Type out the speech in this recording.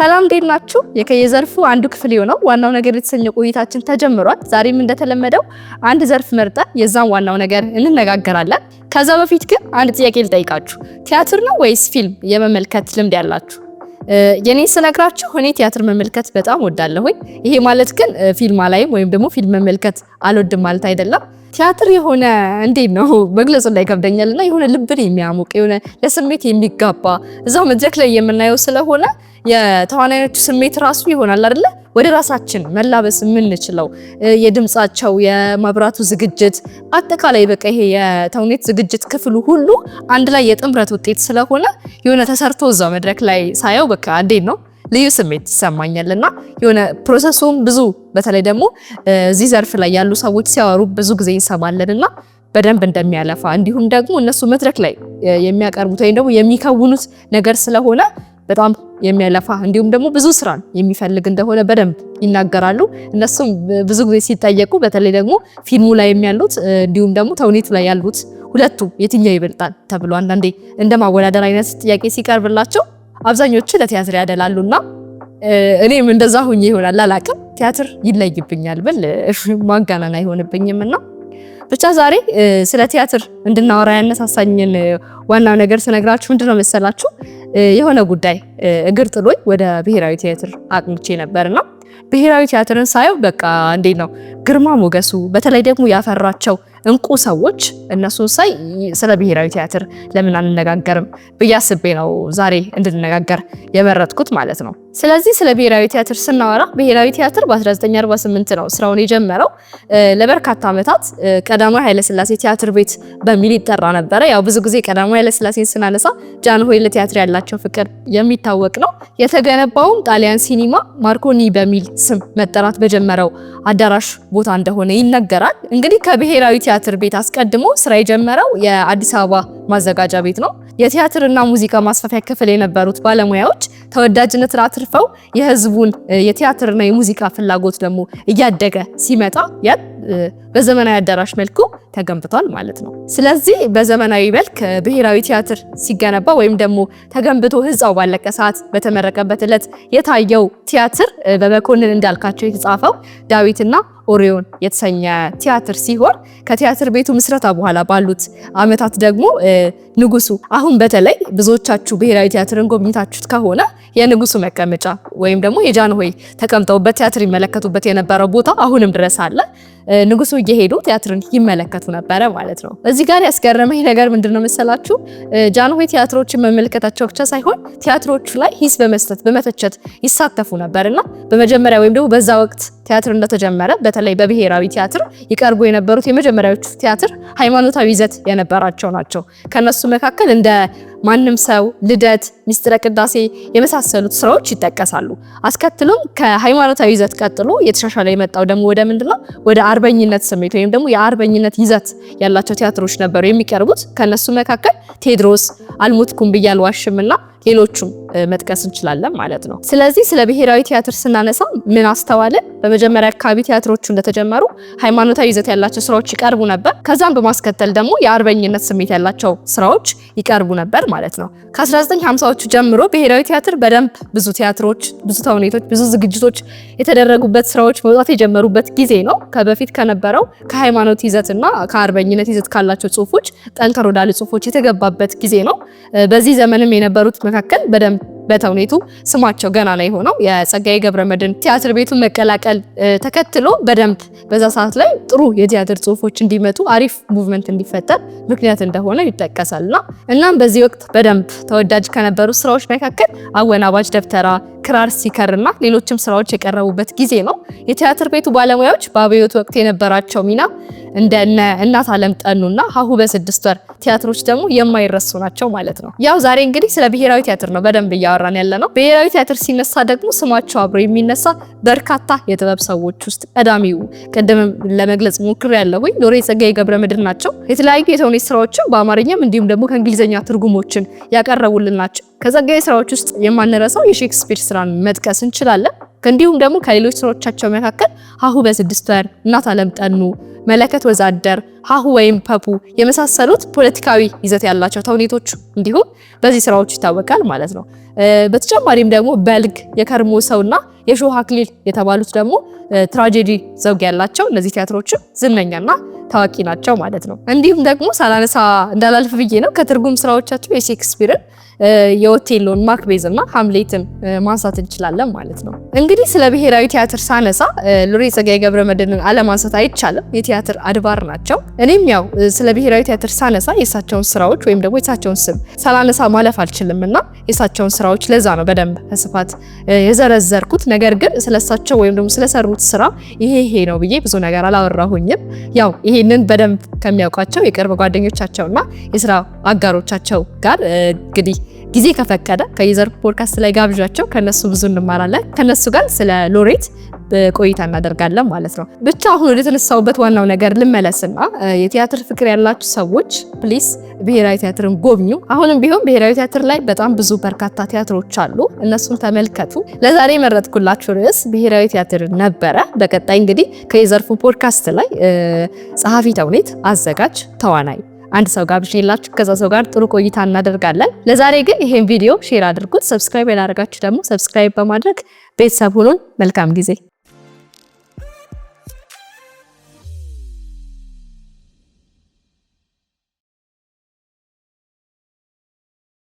ሰላም እንዴት ናችሁ? የከየዘርፉ አንዱ ክፍል የሆነው ዋናው ነገር የተሰኘው ቆይታችን ተጀምሯል። ዛሬም እንደተለመደው አንድ ዘርፍ መርጠን የዛን ዋናው ነገር እንነጋገራለን። ከዛ በፊት ግን አንድ ጥያቄ ልጠይቃችሁ። ቲያትር ነው ወይስ ፊልም የመመልከት ልምድ ያላችሁ? የኔ ስነግራችሁ እኔ ቲያትር መመልከት በጣም ወዳለሁኝ። ይሄ ማለት ግን ፊልም አላይም ወይም ደግሞ ፊልም መመልከት አልወድም ማለት አይደለም። ቲያትር የሆነ እንዴት ነው መግለጹ ላይ ከብደኛል እና የሆነ ልብን የሚያሞቅ የሆነ ለስሜት የሚጋባ እዛው መድረክ ላይ የምናየው ስለሆነ የተዋናዮቹ ስሜት ራሱ ይሆናል አይደለ ወደ ራሳችን መላበስ የምንችለው የድምጻቸው፣ የመብራቱ ዝግጅት አጠቃላይ በቃ ይሄ የተውኔት ዝግጅት ክፍሉ ሁሉ አንድ ላይ የጥምረት ውጤት ስለሆነ የሆነ ተሰርቶ እዛው መድረክ ላይ ሳየው በቃ እንዴት ነው ልዩ ስሜት ይሰማኛል እና የሆነ ፕሮሰሱም ብዙ በተለይ ደግሞ እዚህ ዘርፍ ላይ ያሉ ሰዎች ሲያወሩ ብዙ ጊዜ እንሰማለን እና በደንብ እንደሚያለፋ እንዲሁም ደግሞ እነሱ መድረክ ላይ የሚያቀርቡት ወይም ደግሞ የሚከውኑት ነገር ስለሆነ በጣም የሚያለፋ እንዲሁም ደግሞ ብዙ ስራን የሚፈልግ እንደሆነ በደንብ ይናገራሉ። እነሱም ብዙ ጊዜ ሲጠየቁ በተለይ ደግሞ ፊልሙ ላይ የሚያሉት እንዲሁም ደግሞ ተውኔት ላይ ያሉት ሁለቱ የትኛው ይበልጣል ተብሎ አንዳንዴ እንደ ማወዳደር አይነት ጥያቄ ሲቀርብላቸው አብዛኞቹ ለቲያትር ያደላሉና እኔም እንደዛ ሁኜ ይሆናል አላቅም ቲያትር ይለይብኛል ብል ማጋነን አይሆንብኝም እና ብቻ ዛሬ ስለ ቲያትር እንድናወራ ያነሳሳኝን ዋናው ነገር ስነግራችሁ ምንድነው መሰላችሁ የሆነ ጉዳይ እግር ጥሎኝ ወደ ብሔራዊ ቲያትር አቅንቼ ነበርና ብሔራዊ ቲያትርን ሳየው በቃ እንዴት ነው ግርማ ሞገሱ፣ በተለይ ደግሞ ያፈራቸው እንቁ ሰዎች እነሱን ሳይ ስለ ብሔራዊ ቲያትር ለምን አንነጋገርም ብዬ አስቤ ነው ዛሬ እንድንነጋገር የመረጥኩት ማለት ነው። ስለዚህ ስለ ብሔራዊ ቲያትር ስናወራ ብሔራዊ ቲያትር በ1948 ነው ስራውን የጀመረው። ለበርካታ ዓመታት ቀዳማዊ ኃይለስላሴ ቲያትር ቤት በሚል ይጠራ ነበረ። ያው ብዙ ጊዜ ቀዳማዊ ኃይለስላሴ ስናነሳ ጃንሆይ ለቲያትር ያላቸው ፍቅር የሚታወቅ ነው። የተገነባውም ጣሊያን ሲኒማ ማርኮኒ በሚል ስም መጠራት በጀመረው አዳራሽ ቦታ እንደሆነ ይነገራል። እንግዲህ ከብሔራዊ ቲያትር ቤት አስቀድሞ ስራ የጀመረው የአዲስ አበባ ማዘጋጃ ቤት ነው። የቲያትር እና ሙዚቃ ማስፋፊያ ክፍል የነበሩት ባለሙያዎች ተወዳጅነትን አትርፈው የህዝቡን የቲያትርና የሙዚቃ ፍላጎት ደግሞ እያደገ ሲመጣ በዘመናዊ አዳራሽ መልኩ ተገንብቷል ማለት ነው። ስለዚህ በዘመናዊ መልክ ብሔራዊ ቲያትር ሲገነባ ወይም ደግሞ ተገንብቶ ህንፃው ባለቀ ሰዓት በተመረቀበት ዕለት የታየው ቲያትር በመኮንን እንዳልካቸው የተጻፈው ዳዊትና ኦሪዮን የተሰኘ ቲያትር ሲሆን ከቲያትር ቤቱ ምስረታ በኋላ ባሉት አመታት ደግሞ ንጉሱ አሁን በተለይ ብዙዎቻችሁ ብሔራዊ ቲያትርን ጎብኝታችሁት ከሆነ የንጉሱ መቀመጫ ወይም ደግሞ የጃንሆይ ተቀምጠውበት ቲያትር ይመለከቱበት የነበረው ቦታ አሁንም ድረስ አለ። ንጉሱ እየሄዱ ቲያትርን ይመለከቱ ነበረ ማለት ነው። እዚህ ጋር ያስገረመኝ ነገር ምንድነው መሰላችሁ? ጃንሆይ ቲያትሮችን መመልከታቸው ብቻ ሳይሆን ቲያትሮቹ ላይ ሂስ በመስጠት በመተቸት ይሳተፉ ነበርና በመጀመሪያ ወይም ደግሞ በዛ ወቅት ቲያትር እንደተጀመረ በተለይ በብሔራዊ ቲያትር ይቀርቡ የነበሩት የመጀመሪያዎቹ ቲያትር ሃይማኖታዊ ይዘት የነበራቸው ናቸው። ከነሱ መካከል እንደ ማንም ሰው፣ ልደት፣ ሚስጥረ ቅዳሴ የመሳሰሉት ስራዎች ይጠቀሳሉ። አስከትሎም ከሃይማኖታዊ ይዘት ቀጥሎ የተሻሻለ የመጣው ደግሞ ወደ ምንድነው ወደ አርበኝነት ስሜት ወይም ደግሞ የአርበኝነት ይዘት ያላቸው ቲያትሮች ነበሩ የሚቀርቡት። ከነሱ መካከል ቴዎድሮስ፣ አልሞትኩም ብዬ ዋሽምና ሌሎቹም መጥቀስ እንችላለን ማለት ነው። ስለዚህ ስለ ብሔራዊ ቲያትር ስናነሳ ምን አስተዋለ በመጀመሪያ አካባቢ ቲያትሮቹ እንደተጀመሩ ሃይማኖታዊ ይዘት ያላቸው ስራዎች ይቀርቡ ነበር። ከዛም በማስከተል ደግሞ የአርበኝነት ስሜት ያላቸው ስራዎች ይቀርቡ ነበር ማለት ነው። ከ1950ዎቹ ጀምሮ ብሔራዊ ቲያትር በደንብ ብዙ ቲያትሮች፣ ብዙ ተውኔቶች፣ ብዙ ዝግጅቶች የተደረጉበት ስራዎች መውጣት የጀመሩበት ጊዜ ነው። ከበፊት ከነበረው ከሃይማኖት ይዘትና ከአርበኝነት ይዘት ካላቸው ጽሁፎች ጠንከር ወዳሉ ጽሁፎች የተገባበት ጊዜ ነው። በዚህ ዘመንም የነበሩት መካከል በደንብ በተውኔቱ ስማቸው ገና ላይ ሆነው የጸጋዬ ገብረመድህን ቲያትር ቤቱን መቀላቀል ተከትሎ በደንብ በዛ ሰዓት ላይ ጥሩ የቲያትር ጽሁፎች እንዲመጡ አሪፍ ሙቭመንት እንዲፈጠር ምክንያት እንደሆነ ይጠቀሳልና እናም በዚህ ወቅት በደንብ ተወዳጅ ከነበሩ ስራዎች መካከል አወናባጅ ደብተራ፣ ክራር ሲከርና ሌሎችም ስራዎች የቀረቡበት ጊዜ ነው። የቲያትር ቤቱ ባለሙያዎች በአብዮት ወቅት የነበራቸው ሚና እንደ እናት አለም ጠኑና ሀሁ በስድስት ወር ቲያትሮች ደግሞ የማይረሱ ናቸው ማለት ነው። ያው ዛሬ እንግዲህ ስለ ብሔራዊ ቲያትር ነው በደንብ እያወራ እያወራን ያለ ነው። ብሔራዊ ቲያትር ሲነሳ ደግሞ ስማቸው አብሮ የሚነሳ በርካታ የጥበብ ሰዎች ውስጥ ቀዳሚው ቅድም ለመግለጽ ሞክር ያለሁኝ ሎሬት ጸጋዬ ገብረ ምድር ናቸው። የተለያዩ የተውኔት ስራዎችን በአማርኛም እንዲሁም ደግሞ ከእንግሊዝኛ ትርጉሞችን ያቀረቡልን ናቸው። ከጸጋዬ ስራዎች ውስጥ የማንረሳው የሼክስፒር ስራን መጥቀስ እንችላለን። እንዲሁም ደግሞ ከሌሎች ስራዎቻቸው መካከል ሀሁ በስድስት ወር፣ እናት አለም ጠኑ፣ መለከት ወዛደር፣ ሀሁ ወይም ፐፑ የመሳሰሉት ፖለቲካዊ ይዘት ያላቸው ተውኔቶች እንዲሁም በዚህ ስራዎች ይታወቃል ማለት ነው። በተጨማሪም ደግሞ በልግ፣ የከርሞ ሰውና የሾህ አክሊል የተባሉት ደግሞ ትራጀዲ ዘውግ ያላቸው እነዚህ ቲያትሮች ዝነኛና ታዋቂ ናቸው ማለት ነው። እንዲሁም ደግሞ ሳላነሳ እንዳላልፍ ብዬ ነው ከትርጉም ስራዎቻቸው የሼክስፒርን የኦቴሎን ማክቤዝ እና ሀምሌትን ማንሳት እንችላለን ማለት ነው። እንግዲህ ስለ ብሔራዊ ቲያትር ሳነሳ ሎሬ ጸጋዬ ገብረመድኅንን አለማንሳት አይቻልም። የቲያትር አድባር ናቸው። እኔም ያው ስለ ብሔራዊ ቲያትር ሳነሳ የእሳቸውን ስራዎች ወይም ደግሞ የእሳቸውን ስም ሳላነሳ ማለፍ አልችልም እና የእሳቸውን ስራዎች ለዛ ነው በደንብ በስፋት የዘረዘርኩት። ነገር ግን ስለእሳቸው ወይም ደግሞ ስለሰሩት ስራ ይሄ ይሄ ነው ብዬ ብዙ ነገር አላወራሁኝም። ያው ይሄንን በደንብ ከሚያውቋቸው የቅርብ ጓደኞቻቸውና የስራ አጋሮቻቸው ጋር እንግዲህ ጊዜ ከፈቀደ ከየዘርፉ ፖድካስት ላይ ጋብዣቸው ከነሱ ብዙ እንማራለን። ከነሱ ጋር ስለ ሎሬት ቆይታ እናደርጋለን ማለት ነው። ብቻ አሁን ወደ ተነሳውበት ዋናው ነገር ልመለስና የቲያትር ፍቅር ያላችሁ ሰዎች ፕሊስ ብሔራዊ ቲያትርን ጎብኙ። አሁንም ቢሆን ብሔራዊ ቲያትር ላይ በጣም ብዙ በርካታ ቲያትሮች አሉ፣ እነሱን ተመልከቱ። ለዛሬ የመረጥኩላችሁ ርዕስ ብሔራዊ ቲያትር ነበረ። በቀጣይ እንግዲህ ከየዘርፉ ፖድካስት ላይ ጸሐፊ ተውኔት፣ አዘጋጅ፣ ተዋናይ አንድ ሰው ጋር ብሽላችሁ ከዛ ሰው ጋር ጥሩ ቆይታ እናደርጋለን። ለዛሬ ግን ይሄን ቪዲዮ ሼር አድርጉት። ሰብስክራይብ ያላደረጋችሁ ደግሞ ሰብስክራይብ በማድረግ ቤተሰብ ሁኑን። መልካም ጊዜ